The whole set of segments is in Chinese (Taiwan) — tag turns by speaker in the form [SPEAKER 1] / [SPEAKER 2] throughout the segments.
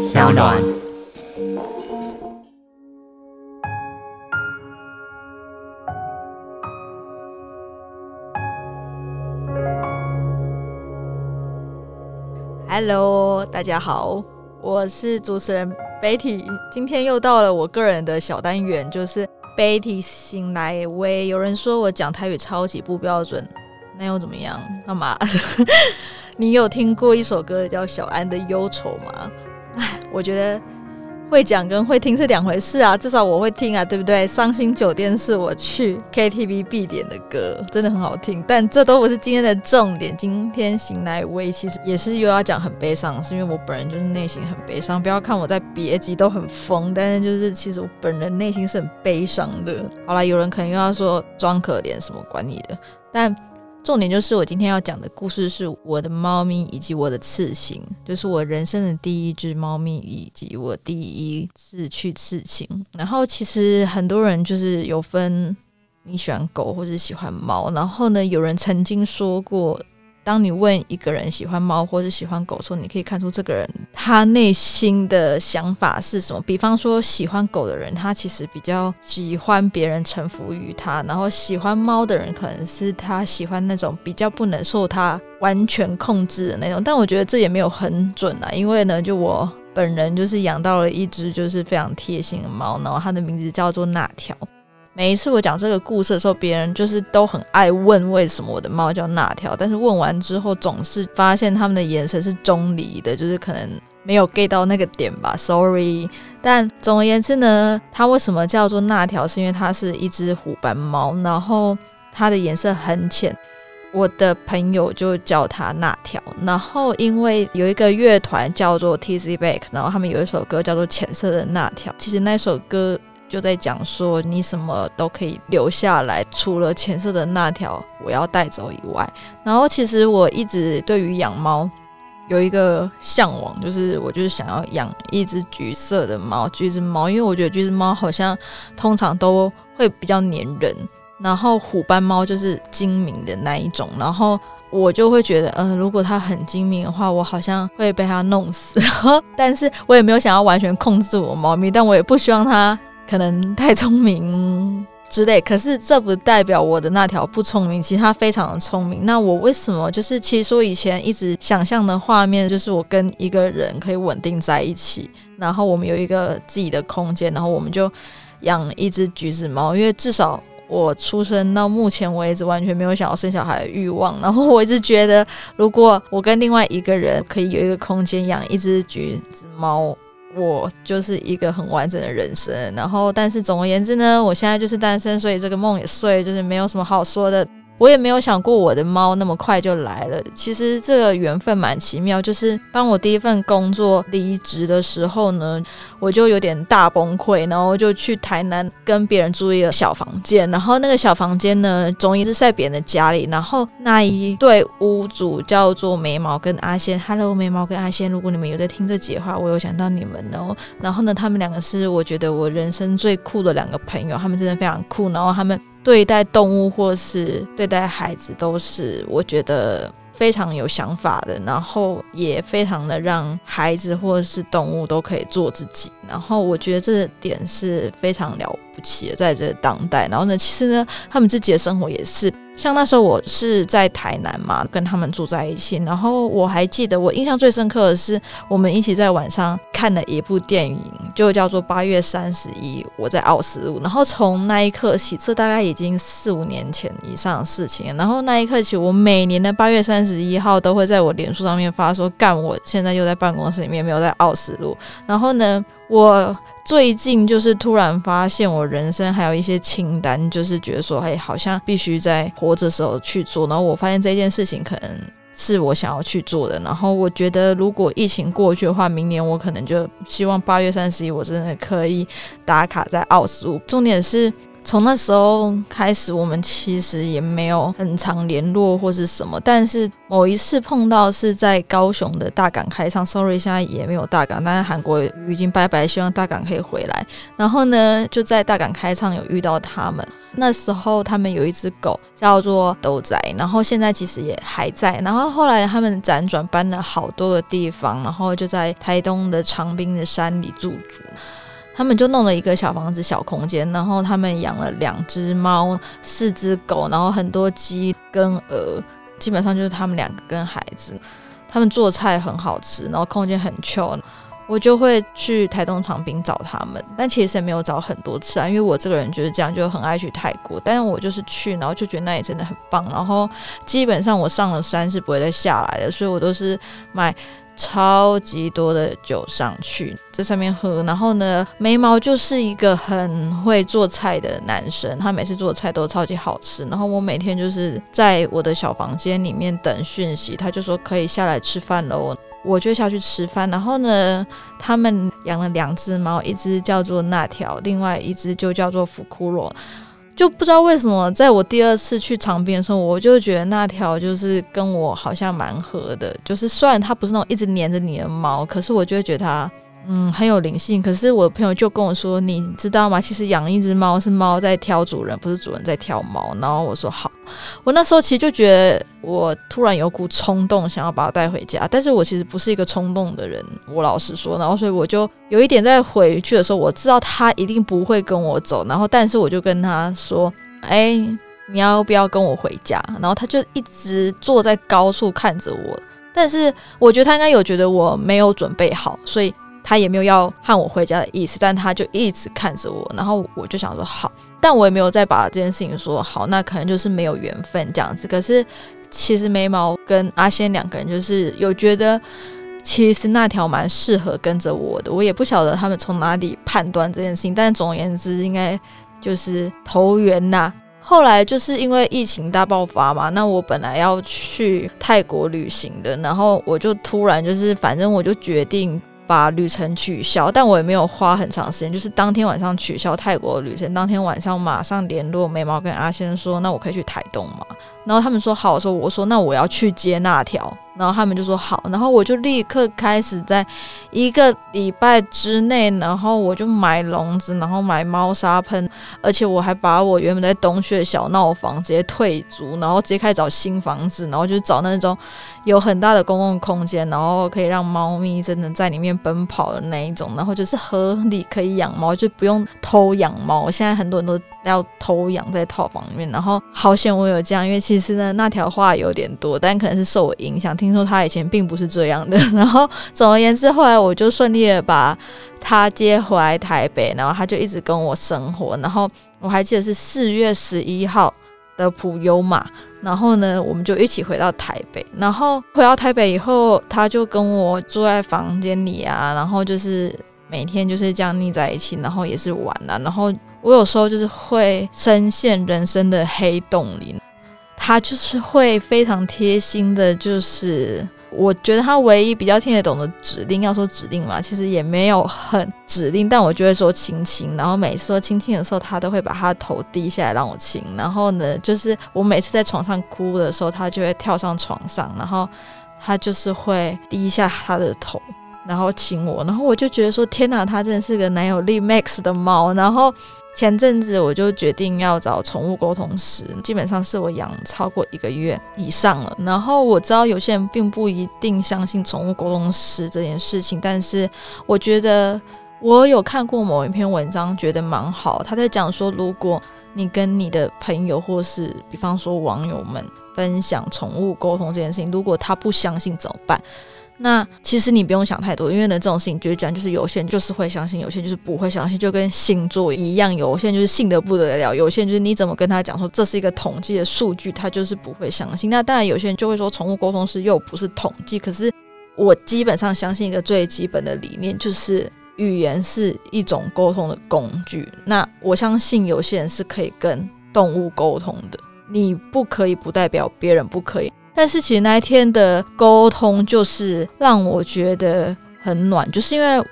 [SPEAKER 1] SoundOn。Hello，大家好，我是主持人 Betty。今天又到了我個人的小單元，就是 Betty 心內 ㄟ 話。有人說我講台語超級不標準，那又怎麼樣？好嗎？ 你有聽過一首歌叫小安的憂愁嗎？ 我覺得會講跟會聽是兩回事啊，至少我會聽啊，對不對？傷心酒店是我去 KTV 必點的歌，真的很好聽。但這都不是今天的重點。今天醒來，我其實也是又要講很悲傷，是因為我本人就是內心很悲傷。不要看我在別集都很瘋，但是就是其實我本人內心是很悲傷的。好啦，有人可能又要說裝可憐什麼，管你的。但重點就是我今天要講的故事是我的貓咪以及我的刺青，就是我人生的第一隻貓咪以及我第一次去刺青。然後其實很多人就是有分你喜歡狗或者喜歡貓，然後呢，有人曾經說過。當你問一個人喜歡貓或者喜歡狗的時候，你可以看出這個人他內心的想法是什麼。比方說，喜歡狗的人，他其實比較喜歡別人臣服於他；然後喜歡貓的人，可能是他喜歡那種比較不能受他完全控制的那種。但我覺得這也沒有很準啊，因為呢，就我本人就是養到了一只就是非常貼心的貓，然後它的名字叫做那條。每一次我講這個故事的時候，別人就是都很愛問為什麼我的貓叫那條，但是問完之後總是發現他們的眼神是中離的，就是可能沒有 get 到那個點吧，sorry。但總而言之呢，它為什麼叫做那條，是因為它是一隻虎斑貓，然後它的顏色很淺，我的朋友就叫它那條。然後因為有一個樂團叫做 Tizzy Bac，然後他們有一首歌叫做《淺色的那條》，其實那首歌。就在講說，你什麼都可以留下來，除了淺色的那條我要帶走以外。然後，其實我一直對於養貓有一個向往，就是我就是想要養一隻橘色的貓，橘子貓，因為我覺得橘子貓好像通常都會比較黏人。然後虎斑貓就是精明的那一種，然後我就會覺得，嗯、呃，如果它很精明的話，我好像會被它弄死。 但是我也沒有想要完全控制我貓咪，但我也不希望它。可能太聰明之類，可是這不代表我的那條不聰明，其實它非常的聰明。那我為什麼就是，其實我以前一直想象的畫面，就是我跟一個人可以穩定在一起，然後我們有一個自己的空間，然後我們就養一只橘子貓，因為至少我出生到目前為止完全沒有想要生小孩的欲望，然後我一直覺得，如果我跟另外一個人可以有一個空間養一只橘子貓。我就是一個很完整的人生，然後但是總而言之呢，我現在就是單身，所以這個夢也碎，就是沒有什麼好說的。我也沒有想過我的貓那麼快就來了。其實這個緣分蠻奇妙，就是當我第一份工作離職的時候呢，我就有點大崩潰，然後就去台南跟別人租一個小房間。然後那個小房間呢，終於是在別人的家裡。然後那一對屋主叫做眉毛跟阿仙，哈嘍，眉毛跟阿仙，如果你們有在聽這集的話，我有想到你們哦。然後呢，他們兩個是我覺得我人生最酷的兩個朋友，他們真的非常酷。然後他們。對待動物或是對待孩子，都是我覺得非常有想法的，然後也非常的讓孩子或是動物都可以做自己，然後我覺得這點是非常了不起的，在這個當代。然後呢，其實呢，他們自己的生活也是。像那時候我是在台南嘛，跟他們住在一起。然後我還記得，我印象最深刻的是我們一起在晚上看了一部電影，就叫做《八月三十一我在奧斯陸》。然後從那一刻起，這大概已經四五年前以上的事情。然後那一刻起，我每年的八月三十一號都會在我臉書上面發說：“幹我，我現在又在辦公室裡面，沒有在奧斯陸。”然後呢？我最近就是突然發現，我人生還有一些清單，就是覺得說，哎，好像必須在活着的時候去做。然後我發現這件事情可能是我想要去做的。然後我覺得，如果疫情過去的話，明年我可能就希望八月三十一，我真的可以打卡在奧斯陸。重點是。從那時候開始，我們其實也沒有很常聯絡或是什麼，但是某一次碰到是在高雄的大港開唱。Sorry，現在也沒有大港，但是韓國已經拜拜，希望大港可以回來。然後呢，就在大港開唱有遇到他們，那時候他們有一隻狗叫做斗仔，然後現在其實也還在。然後後來他們輾轉搬了好多個地方，然後就在台東的長濱的山裡駐足。他們就弄了一個小房子，小空間，然後他們養了兩隻貓、四隻狗，然後很多雞跟鵝，基本上就是他們兩個跟孩子。他們做菜很好吃，然後空間很 chill，我就會去台東長濱找他們。但其實也沒有找很多次啊，因為我這個人就是這樣，就很愛去泰國。但是我就是去，然後就覺得那裡真的很棒。然後基本上我上了山是不會再下來的，所以我都是買。超級多的酒上去，在上面喝。然後呢，眉毛就是一個很會做菜的男生，他每次做的菜都超級好吃。然後我每天就是在我的小房間裡面等訊息，他就說可以下來吃飯了，我我就下去吃飯。然後呢，他們養了兩隻貓，一隻叫做那條，另外一隻就叫做福庫羅。就不知道為什麼，在我第二次去長濱的時候，我就覺得那條就是跟我好像蠻合的。就是雖然它不是那種一直黏着你的貓，可是我就會覺得它。嗯，很有靈性。可是我的朋友就跟我說：“你知道嗎？其實養一隻貓是貓在挑主人，不是主人在挑貓。”然後我說：“好。”我那時候其實就覺得，我突然有股衝動想要把它帶回家。但是我其實不是一個衝動的人，我老實說。然後所以我就有一點在回去的時候，我知道他一定不會跟我走。然後但是我就跟他說：“哎、欸，你要不要跟我回家？”然後他就一直坐在高處看着我。但是我覺得他應該有覺得我沒有準備好，所以。他也沒有要和我回家的意思，但他就一直看着我，然後我就想說好，但我也沒有再把這件事情說好，那可能就是沒有緣分這樣子。可是其實眉毛跟阿仙兩個人就是有覺得，其實那條蠻適合跟着我的，我也不曉得他們從哪裡判斷這件事情。但總而言之，應該就是投緣吶、啊。後來就是因為疫情大爆發嘛，那我本來要去泰國旅行的，然後我就突然就是，反正我就決定。把旅程取消，但我也沒有花很長時間，就是當天晚上取消泰國的旅程，當天晚上馬上聯絡眉毛跟阿先生說，那我可以去台東嗎？然後他們說好，說我說，那我要去接那條，然後他們就說好，然後我就立刻開始，在一個禮拜之內，然後我就買籠子，然後買貓砂盆，而且我還把我原本在東區的小鬧房直接退租，然後直接開始找新房子，然後就找那種有很大的公共空間，然後可以讓貓咪真的在裡面奔跑的那一種，然後就是合理可以養貓，就不用偷養貓。現在很多人都。要偷養在套房裡面，然後好險我有這樣，因為其實呢那條話有點多，但可能是受我影響，聽說他以前並不是這樣的。然後總而言之，後來我就順利的把他接回來台北，然後他就一直跟我生活。然後我還記得是四月十一號的普悠瑪，然後呢，我們就一起回到台北，然後回到台北以後，他就跟我住在房間裡啊，然後就是每天就是這樣膩在一起，然後也是玩了、啊，然後。我有時候就是會深陷人生的黑洞裡，他就是會非常貼心的。就是我覺得他唯一比較聽得懂的指令，要說指令嘛，其實也沒有很指令，但我就會說親親，然後每次說親親的時候，他都會把他的頭低下來讓我親。然後呢，就是我每次在床上哭的時候，他就會跳上床上，然後他就是會低一下他的頭，然後親我。然後我就覺得說，天哪、啊，他真的是個男友力 max 的貓。然後。前陣子我就決定要找寵物溝通師，基本上是我養超過一個月以上了。然後我知道有些人並不一定相信寵物溝通師這件事情，但是我覺得我有看過某一篇文章，覺得蠻好。他在講說，如果你跟你的朋友或是比方說網友們分享寵物溝通這件事情，如果他不相信怎麼辦？那其實你不用想太多，因為呢，這種事情，就是講，就是有些人就是會相信，有些人就是不會相信，就跟星座一樣有，有些人就是信得不得了，有些人就是你怎麼跟他講說這是一個統計的數據，他就是不會相信。那當然有些人就會說，寵物溝通師又不是統計，可是我基本上相信一個最基本的理念，就是語言是一種溝通的工具。那我相信有些人是可以跟動物溝通的，你不可以不代表別人不可以。但是其實那一天的溝通就是讓我覺得很暖，就是因為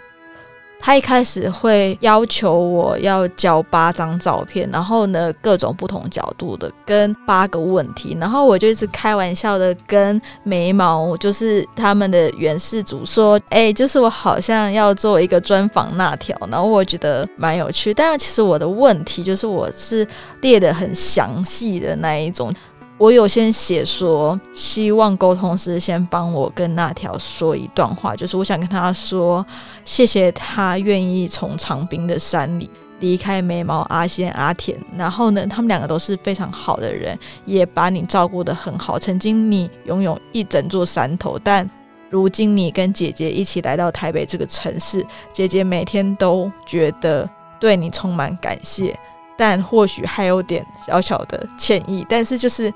[SPEAKER 1] 他一開始會要求我要交八張照片，然後呢各種不同角度的跟八個問題，然後我就一直開玩笑的跟眉毛就是他們的原事主說：“哎、欸，就是我好像要做一個專訪那條。”然後我覺得蠻有趣。但其實我的問題就是我是列得很詳細的那一種。我有先寫說，希望溝通師先幫我跟那條說一段話，就是我想跟他說，謝謝他願意從長濱的山裡離開，眉毛、阿仙、阿田，然後呢，他們兩個都是非常好的人，也把你照顧得很好。曾經你擁有一整座山頭，但如今你跟姐姐一起來到台北這個城市，姐姐每天都覺得對你充滿感謝。但或許還有點小小的歉意，但是就是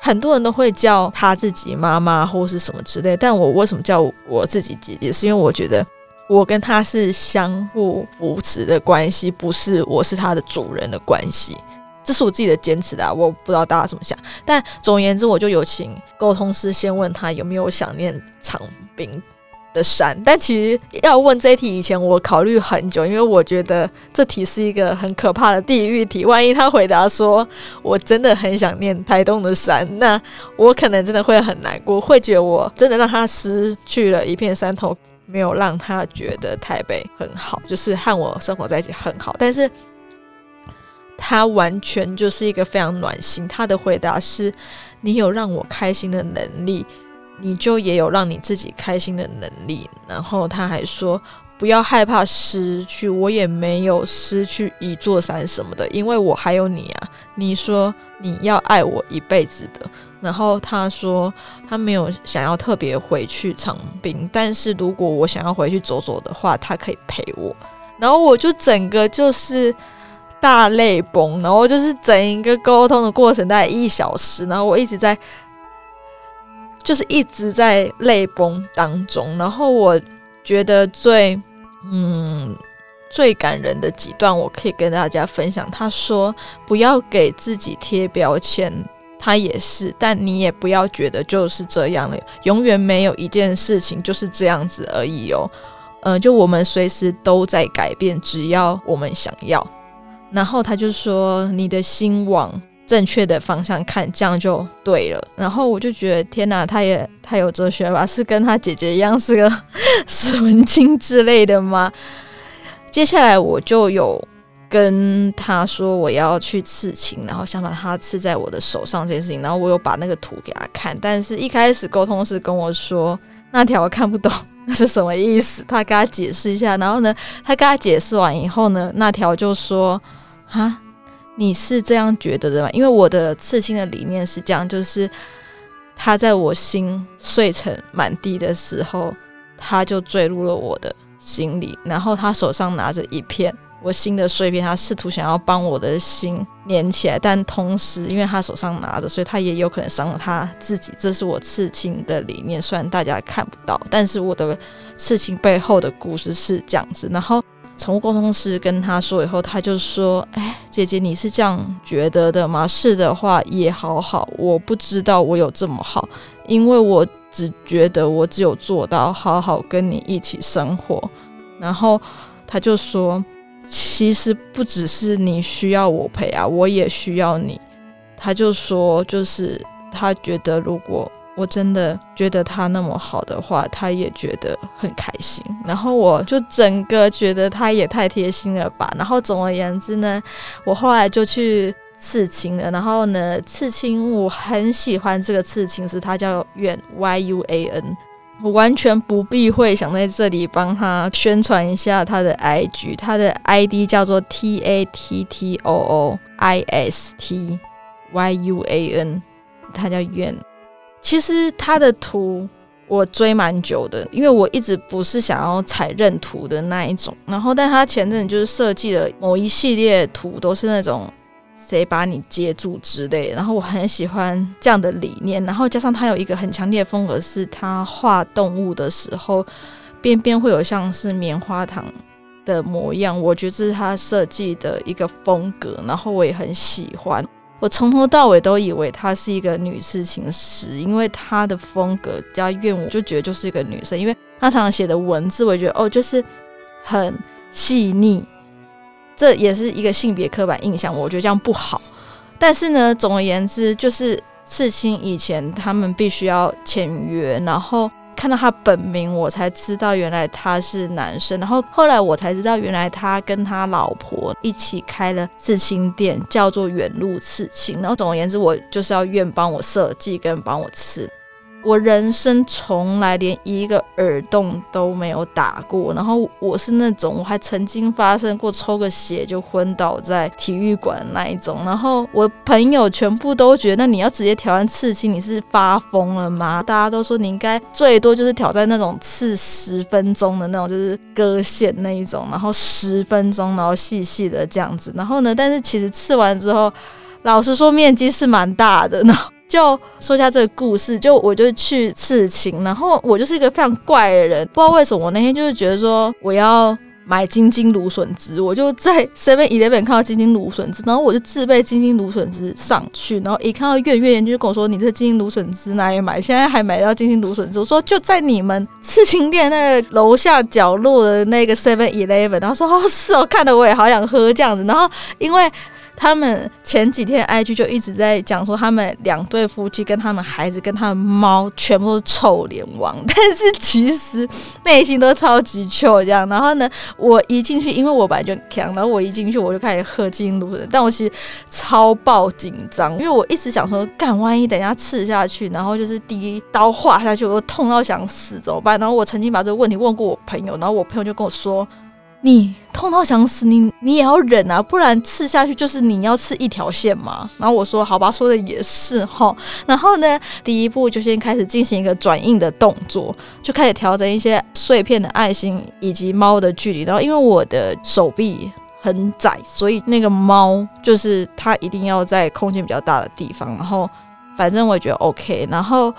[SPEAKER 1] 很多人都會叫他自己媽媽或是什麼之類。但我為什麼叫我自己姐姐，是因為我覺得我跟他是相互扶持的關係，不是我是他的主人的關係。這是我自己的堅持的、啊，我不知道大家怎麼想。但總而言之，我就有請溝通師先問他有沒有想念長兵的山，但其實要問這一題，以前我考慮很久，因為我覺得這題是一個很可怕的地獄題。萬一他回答說“我真的很想念台東的山”，那我可能真的會很難過，會覺得我真的讓他失去了一片山頭，沒有讓他覺得台北很好，就是和我生活在一起很好。但是，他完全就是一個非常暖心。他的回答是：“你有讓我開心的能力。”你就也有讓你自己開心的能力。然後他還說，不要害怕失去，我也沒有失去一座山什麼的，因為我還有你啊。你說你要愛我一輩子的。然後他說他沒有想要特別回去長濱，但是如果我想要回去走走的話，他可以陪我。然後我就整個就是大淚崩，然後就是整一個溝通的過程大概一小時，然後我一直在。就是一直在淚崩當中，然後我覺得最嗯最感人的幾段，我可以跟大家分享。他說：“不要給自己貼標籤。”他也是，但你也不要覺得就是這樣了。永遠沒有一件事情就是這樣子而已哦。嗯、呃，就我們隨時都在改變，只要我們想要。然後他就說：“你的心往……”正確的方向看，這樣就對了。然後我就覺得天哪，他也他有哲學吧？是跟他姐姐一樣是個死 文青之類的嗎？接下來我就有跟他說我要去刺青，然後想把它刺在我的手上這件事情。然後我有把那個圖給他看，但是一開始溝通是跟我說那條我看不懂，那是什麼意思？他跟他解釋一下。然後呢，他跟他解釋完以後呢，那條就說蛤。你是這樣覺得的嗎？因為我的刺青的理念是這樣，就是他在我心碎成滿地的時候，他就墜入了我的心裡，然後他手上拿着一片我心的碎片，他試圖想要幫我的心連起來，但同時，因為他手上拿着，所以他也有可能傷了他自己。這是我刺青的理念，雖然大家看不到，但是我的刺青背後的故事是這樣子，然後。寵物溝通師跟他說以後，他就說：“哎、欸，姐姐，你是這樣覺得的嗎？是的話也好好，我不知道我有這麼好，因為我只覺得我只有做到好好跟你一起生活。”然後他就說：“其實不只是你需要我陪啊，我也需要你。”他就說：“就是他覺得如果。”我真的覺得他那麼好的話，他也覺得很開心。然後我就整個覺得他也太貼心了吧。然後總而言之呢，我後來就去刺青了。然後呢，刺青我很喜歡這個刺青師，他叫遠 Yuan。我完全不避諱，想在這裡幫他宣傳一下他的 IG，他的 ID 叫做 Tattooist Yuan，他叫遠。其實他的圖我追蠻久的，因為我一直不是想要踩認圖的那一種。然後，但他前陣子就是設計了某一系列圖，都是那種誰把你接住之類的。然後我很喜歡這樣的理念。然後加上他有一個很強烈的風格，是他畫動物的時候邊邊會有像是棉花糖的模樣。我覺得這是他設計的一個風格，然後我也很喜歡。我從頭到尾都以為她是一個女刺青師，因為她的風格加怨我，就覺得就是一個女生，因為她常常寫的文字，我覺得哦，就是很細膩。這也是一個性別刻板印象，我覺得這樣不好。但是呢，總而言之，就是刺青以前他們必須要簽約，然後。看到他本名，我才知道原來他是男生。然後後來我才知道，原來他跟他老婆一起開了刺青店，叫做遠路刺青。然後總而言之，我就是要願幫我設計，跟幫我刺。我人生從來連一個耳洞都沒有打過，然後我是那種我還曾經發生過抽個血就昏倒在體育館那一種，然後我朋友全部都覺得，那你要直接挑戰刺青，你是發瘋了嗎？大家都說你應該最多就是挑戰那種刺十分鐘的那種，就是割線那一種，然後十分鐘，然後細細的這樣子，然後呢，但是其實刺完之後。老實說，面積是蠻大的呢。然後就說一下這個故事，就我就去刺青，然後我就是一個非常怪的人，不知道為什麼我那天就是覺得說我要買津津蘆筍汁，我就在 Seven Eleven 看到津津蘆筍汁，然後我就自備津津蘆筍汁上去，然後一看到 yuan 人就跟我說：“你這津津蘆筍汁哪裡買？”現在還買到津津蘆筍汁，我說就在你們刺青店那樓下角落的那個 Seven Eleven，然後說：“哦是哦，看得我也好想喝這樣子。”然後因為。他們前幾天 IG 就一直在講說，他們兩對夫妻跟他們孩子跟他的貓全部都是臭臉王，但是其實內心都超級臭這樣。然後呢，我一進去，因為我本來就強，然後我一進去我就開始喝金鹵人，但我其實超爆緊張，因為我一直想說，幹，萬一等一下刺下去，然後就是第一刀劃下去，我都痛到想死，怎麼辦？然後我曾經把這個問題問過我朋友，然後我朋友就跟我說。你痛到想死，你你也要忍啊，不然刺下去就是你要刺一條線嘛。然後我說好吧，說的也是哈。然後呢，第一步就先開始進行一個轉印的動作，就開始調整一些碎片的愛心以及貓的距離。然後因為我的手臂很窄，所以那個貓就是它一定要在空間比較大的地方。然後反正我也覺得 OK。然後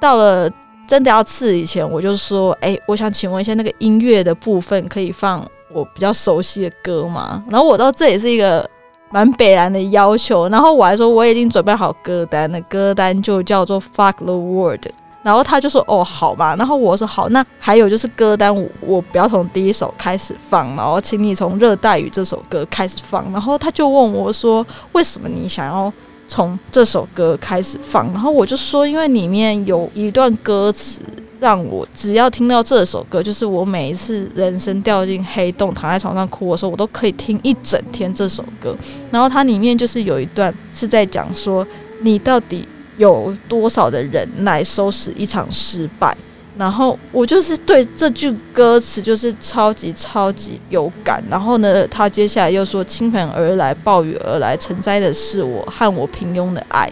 [SPEAKER 1] 到了真的要刺以前，我就說哎、欸，我想請問一下那個音樂的部分可以放我比較熟悉的歌嘛，然後我知道這也是一個蠻白爛的要求，然後我還說我已經準備好歌單了，歌單就叫做《Fuck the World》，然後他就說哦好吧，然後我說好，那還有就是歌單我，我不要從第一首開始放，然後請你從《熱帶雨》這首歌開始放，然後他就問我說為什麼你想要從這首歌開始放，然後我就說因為裡面有一段歌詞。讓我只要聽到這首歌，就是我每一次人生掉進黑洞、躺在床上哭的時候，我都可以聽一整天這首歌。然後它裡面就是有一段是在講說，你到底有多少的忍耐收拾一場失敗？然後我就是對這句歌詞就是超級超級有感。然後呢，他接下來又說，傾盆而來，暴雨而來，成災的是我和我平庸的愛。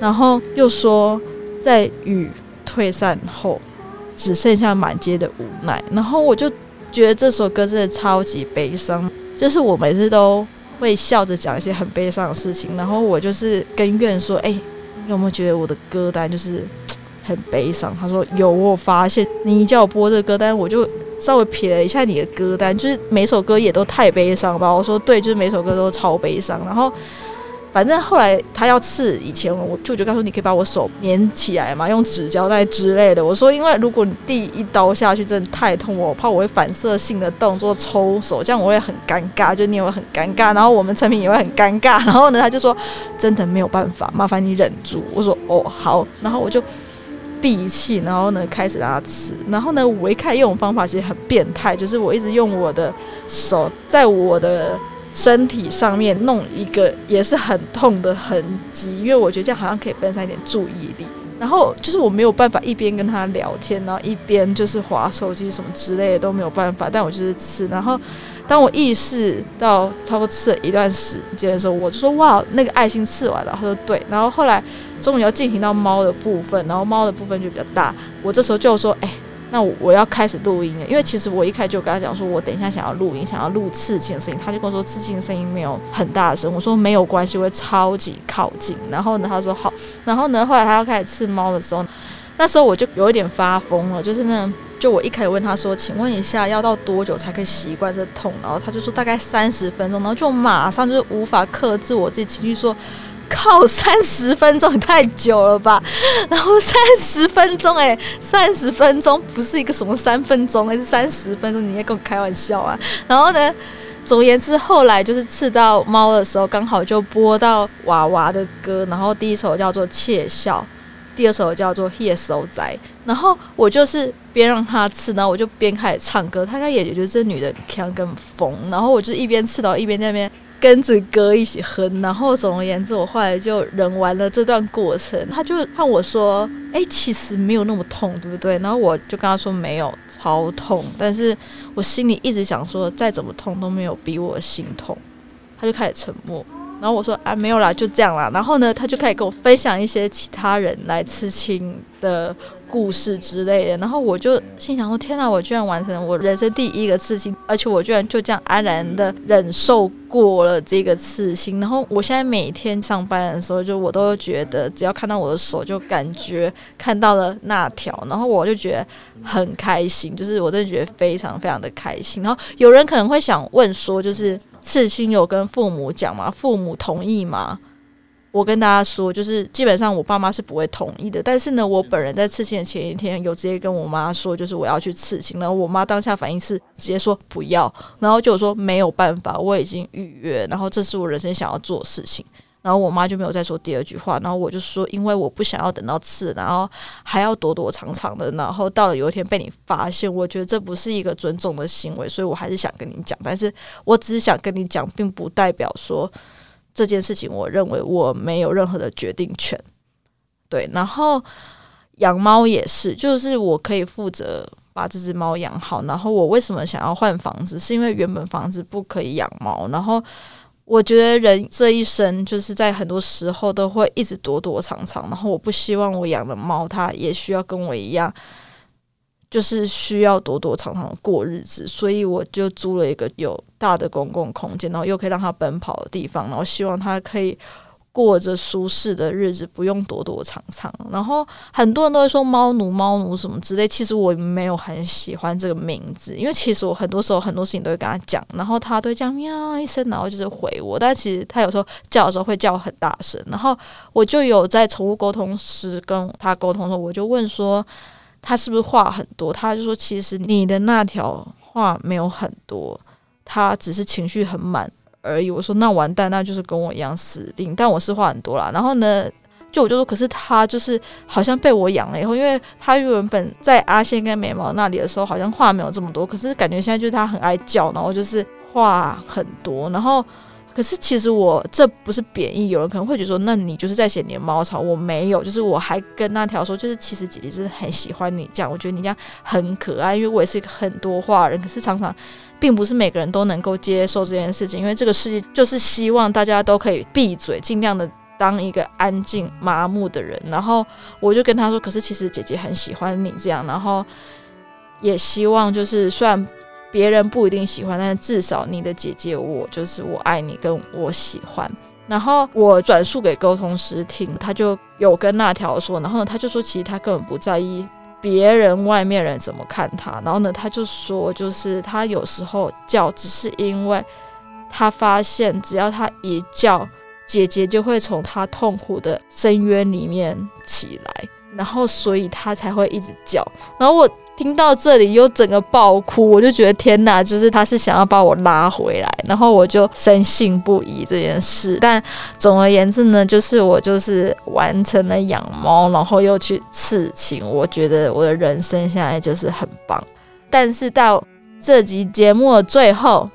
[SPEAKER 1] 然後又說，在雨。退散後，只剩下滿街的無奈。然後我就覺得這首歌真的超級悲傷。就是我每次都會笑着講一些很悲傷的事情。然後我就是跟院說：“哎、欸，你有沒有覺得我的歌單就是很悲傷？”他說：“有，我有發現你叫我播這個歌單，我就稍微瞥了一下你的歌單，就是每首歌也都太悲傷吧？”我說：“對，就是每首歌都超悲傷。”然後。反正後來他要刺，以前我就覺得說你可以把我手粘起來嘛，用紙膠帶之類的。我說，因為如果你第一刀下去真的太痛，我怕我會反射性的動作抽手，這樣我會很尷尬，就你也會很尷尬，然後我們成品也會很尷尬。然後呢，他就說真的沒有辦法，麻煩你忍住。我說哦好，然後我就閉氣，然後呢開始讓他刺。然後呢我一開始，用的方法其實很變態，就是我一直用我的手在我的。身體上面弄一個也是很痛的痕迹，因為我覺得這樣好像可以分散一點注意力。然後就是我沒有辦法一邊跟他聊天，然後一邊就是滑手機什麼之類的都沒有辦法。但我就是刺。然後當我意識到差不多刺了一段時間的時候，我就說：“哇，那個愛心刺完了。”他說：“對。”然後後來終於要進行到貓的部分，然後貓的部分就比較大。我這時候就說：“哎、欸。”那我要開始錄音了，因為其實我一開始就跟他講說，我等一下想要錄音，想要錄刺青的聲音。他就跟我說，刺青的聲音沒有很大的聲。我說沒有關係，我會超級靠近。然後呢，他說好。然後呢，後來他要開始刺貓的時候，那時候我就有一點發瘋了，就是呢，就我一開始問他說，請問一下要到多久才可以習慣這痛？然後他就說大概三十分鐘。然後就馬上就無法克制我自己情緒，說。靠三十分鐘也太久了吧？然後三十分鐘、欸，哎，三十分鐘不是一個什麼三分鐘，還是三十分鐘？你在跟我開玩笑啊？然後呢，總而言之，後來就是刺到貓的時候，剛好就播到娃娃的歌，然後第一首叫做《竊笑》，第二首叫做《夜守仔》。然後我就是邊讓它刺，然後我就邊開始唱歌，它應該也覺得這女的腔跟瘋，然後我就一邊刺到一邊在那邊跟着哥一起哼，然後總而言之，我後來就忍完了這段過程。他就看我說：“哎、欸，其實沒有那麼痛，對不對？”然後我就跟他說：“沒有，超痛。”但是我心裡一直想說：“再怎麼痛都沒有比我心痛。”他就開始沉默。然後我說：“啊、欸，沒有啦，就這樣啦。”然後呢，他就開始跟我分享一些其他人來刺青的。故事之類的，然後我就心想，我天啊，我居然完成了我人生第一個刺青，而且我居然就這樣安然的忍受過了這個刺青。然後我現在每天上班的時候，就我都覺得只要看到我的手，就感覺看到了那條，然後我就覺得很開心，就是我真的覺得非常非常的開心。然後有人可能會想問說，就是刺青有跟父母講嗎？父母同意嗎？我跟大家說，就是基本上我爸媽是不會同意的。但是呢，我本人在刺青的前一天，有直接跟我媽說，就是我要去刺青，然後我媽當下反應是直接說不要，然後就說沒有辦法，我已經預約，然後這是我人生想要做的事情。然後我媽就沒有再說第二句話。然後我就說，因為我不想要等到刺，然後還要躲躲藏藏的，然後到了有一天被你發現，我覺得這不是一個尊重的行為，所以我還是想跟你講。但是我只是想跟你講，並不代表說。這件事情，我認為我沒有任何的決定權。對，然後養貓也是，就是我可以負責把這隻貓養好。然後我為什麼想要換房子？是因為原本房子不可以養貓。然後我覺得人這一生就是在很多時候都會一直躲躲藏藏。然後我不希望我養的貓它也需要跟我一樣。就是需要躲躲藏藏的過日子，所以我就租了一個有大的公共空間，然後又可以讓它奔跑的地方，然後希望它可以過着舒適的日子，不用躲躲藏藏。然後很多人都會說“貓奴”，“貓奴”什麼之類，其實我沒有很喜歡這個名字，因為其實我很多時候很多事情都會跟他講，然後他都會這樣喵一聲，然後就是回我，但其實他有時候叫的時候會叫很大聲，然後我就有在寵物溝通師跟他溝通的時候，我就問說。他是不是話很多？他就說，其實你的那條話沒有很多，他只是情緒很滿而已。我說那完蛋，那就是跟我一樣死定。但我是話很多啦。然後呢，就我就說，可是他就是好像被我養了以後，因為他原本在阿仙跟眉毛那裡的時候，好像話沒有這麼多。可是感覺現在就是他很愛叫，然後就是話很多，然後。可是其實我這不是貶義，有人可能會覺得說，那你就是在寫你的貓草，我沒有，就是我還跟那條說，就是其實姐姐真的很喜歡你這樣，我覺得你這樣很可愛，因為我也是一個很多話人，可是常常並不是每個人都能夠接受這件事情，因為這個世界就是希望大家都可以閉嘴，盡量的當一個安靜麻木的人。然後我就跟他說，可是其實姐姐很喜歡你這樣，然後也希望就是雖然。別人不一定喜歡，但是至少你的姐姐我就是我愛你跟我喜歡。然後我轉述給溝通師聽，他就有跟那條說。然後呢，他就說其實他根本不在意別人外面人怎麼看他。然後呢，他就說就是他有時候叫，只是因為他發現只要他一叫，姐姐就會從他痛苦的深淵裡面起來。然後所以他才會一直叫。然後我。聽到這裡又整個爆哭，我就覺得天哪！就是他是想要把我拉回來，然後我就深信不疑這件事。但總而言之呢，就是我就是完成了養貓，然後又去刺青。我覺得我的人生現在就是很棒。但是到這集節目的最後，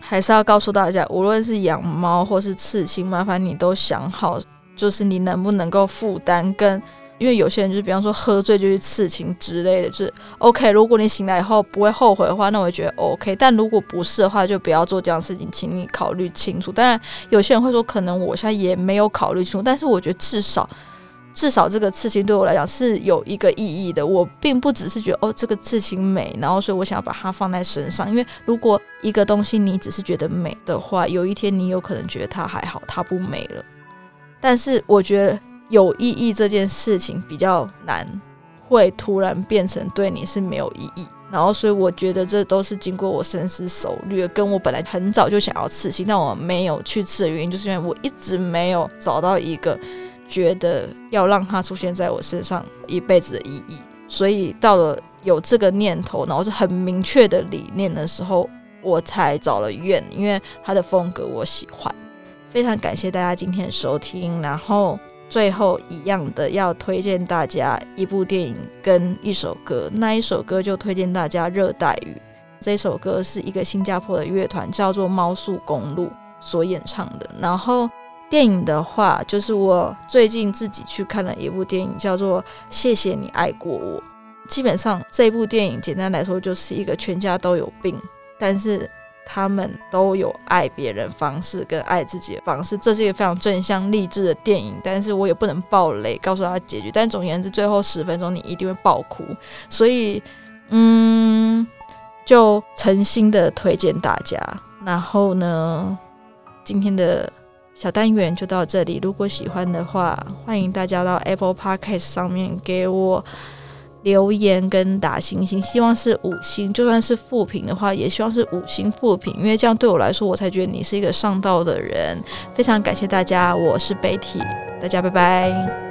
[SPEAKER 1] 還是要告訴大家，無論是養貓或是刺青，麻煩你都想好，就是你能不能夠負擔跟。因為有些人就是，比方說喝醉就去刺青之類的，就是 OK。如果你醒來以後不會後悔的話，那我覺得 OK。但如果不是的話，就不要做這樣事情，請你考慮清楚。當然，有些人會說，可能我現在也沒有考慮清楚，但是我覺得至少至少這個刺青對我來講是有一個意義的。我並不只是覺得哦，這個刺青美，然後所以我想要把它放在身上。因為如果一個東西你只是覺得美的話，有一天你有可能覺得它還好，它不美了。但是我覺得。有意義這件事情比較難，會突然變成對你是沒有意義。然後，所以我覺得這都是經過我深思熟慮，跟我本來很早就想要刺青，但我沒有去刺的原因，就是因為我一直沒有找到一個覺得要讓它出現在我身上一輩子的意義。所以到了有這個念頭，然後是很明確的理念的時候，我才找了 yuan。因為他的風格我喜歡。非常感謝大家今天的收聽，然後。最後一樣的，要推薦大家一部電影跟一首歌。那一首歌就推薦大家《熱帶雨》這首歌，是一個新加坡的樂團叫做貓速公路所演唱的。然後電影的話，就是我最近自己去看了一部電影，叫做《謝謝你愛過我》。基本上這部電影，簡單來說，就是一個全家都有病，但是。他們都有愛別人方式跟愛自己的方式，這是一個非常正向勵志的電影，但是我也不能爆雷告訴他結局。但總而言之，最後十分鐘你一定會爆哭，所以嗯，就誠心的推薦大家。然後呢，今天的小單元就到這裡。如果喜歡的話，歡迎大家到 Apple Podcast 上面給我。留言跟打星星，希望是五星，就算是負評的話，也希望是五星負評，因為這樣對我來說，我才覺得你是一個上道的人。非常感謝大家，我是 Betty，大家拜拜。